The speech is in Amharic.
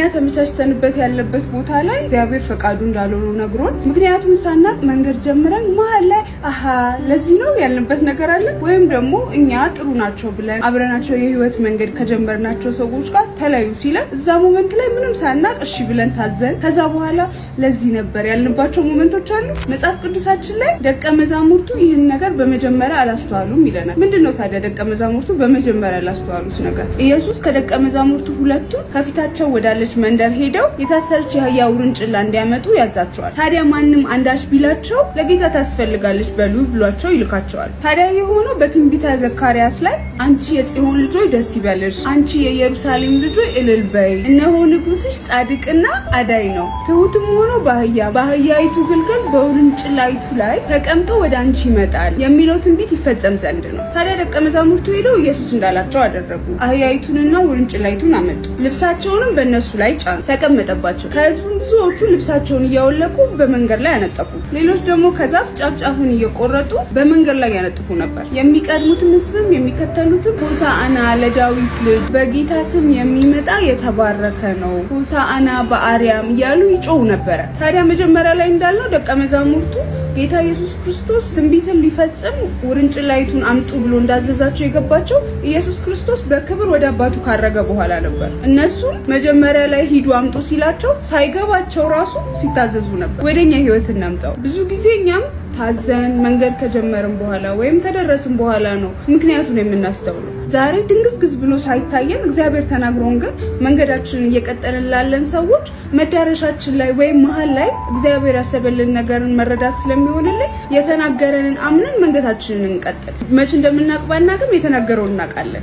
እኛ ተመቻችተንበት ያለበት ቦታ ላይ እግዚአብሔር ፈቃዱ እንዳልሆነ ነግሮን ምክንያቱም ሳናቅ መንገድ ጀምረን መሀል ላይ አሀ ለዚህ ነው ያልንበት ነገር አለ ወይም ደግሞ እኛ ጥሩ ናቸው ብለን አብረናቸው የህይወት መንገድ ከጀመርናቸው ሰዎች ጋር ተለዩ ሲለን እዛ ሞመንት ላይ ምንም ሳናቅ እሺ ብለን ታዘን ከዛ በኋላ ለዚህ ነበር ያልንባቸው ሞመንቶች አሉ። መጽሐፍ ቅዱሳችን ላይ ደቀ መዛሙርቱ ይህን ነገር በመጀመሪያ አላስተዋሉም ይለናል። ምንድን ነው ታዲያ ደቀ መዛሙርቱ በመጀመሪያ አላስተዋሉት ነገር? ኢየሱስ ከደቀ መዛሙርቱ ሁለቱን ከፊታቸው ወዳለ ወዳለች መንደር ሄደው የታሰረች የአህያ ውርንጭላ እንዲያመጡ ያዛቸዋል። ታዲያ ማንም አንዳች ቢላቸው ለጌታ ታስፈልጋለች በሉ ብሏቸው ይልካቸዋል። ታዲያ የሆነው በትንቢተ ዘካርያስ ላይ አንቺ የጽዮን ልጆች ደስ ይበልሽ፣ አንቺ የኢየሩሳሌም ልጆች እልል በይ፣ እነሆ ንጉስሽ ጻድቅና አዳይ ነው፣ ትሁትም ሆኖ በአህያ በአህያይቱ ግልገል በውርንጭላይቱ ላይ ተቀምጦ ወደ አንቺ ይመጣል የሚለው ትንቢት ይፈጸም ዘንድ ነው። ታዲያ ደቀ መዛሙርቱ ሄደው ኢየሱስ እንዳላቸው አደረጉ። አህያይቱንና ውርንጭላይቱን አመጡ። ልብሳቸውንም በእነሱ ላይ ጫን ተቀመጠባቸው። ከህዝቡም ብዙዎቹ ልብሳቸውን እያወለቁ በመንገድ ላይ ያነጠፉ፣ ሌሎች ደግሞ ከዛፍ ጫፍ ጫፉን እየቆረጡ በመንገድ ላይ ያነጥፉ ነበር። የሚቀድሙትም ህዝብም የሚከተሉትም ሆሳዕና ለዳዊት ልጅ በጌታ ስም የሚመጣ የተባረከ ነው፣ ሆሳዕና በአርያም እያሉ ይጮው ነበረ። ታዲያ መጀመሪያ ላይ እንዳለው ደቀ መዛሙርቱ ጌታ ኢየሱስ ክርስቶስ ትንቢትን ሊፈጽም ውርንጭላይቱን አምጡ ብሎ እንዳዘዛቸው የገባቸው ኢየሱስ ክርስቶስ በክብር ወደ አባቱ ካረገ በኋላ ነበር። እነሱም መጀመሪያ ላይ ሂዱ አምጡ ሲላቸው ሳይገባቸው ራሱ ሲታዘዙ ነበር። ወደኛ ህይወት እናምጣው። ብዙ ጊዜ እኛም ታዘን መንገድ ከጀመርን በኋላ ወይም ከደረስን በኋላ ነው ምክንያቱን የምናስተውለው። ዛሬ ድንግዝግዝ ብሎ ሳይታየን እግዚአብሔር ተናግሮን ግን መንገዳችንን እየቀጠልን ላለን ሰዎች መዳረሻችን ላይ ወይም መሀል ላይ እግዚአብሔር ያሰበልን ነገርን መረዳት ስለሚሆንልን የተናገረንን አምነን መንገዳችንን እንቀጥል። መቼ እንደምናቅባ እናቅም፣ የተናገረውን እናውቃለን።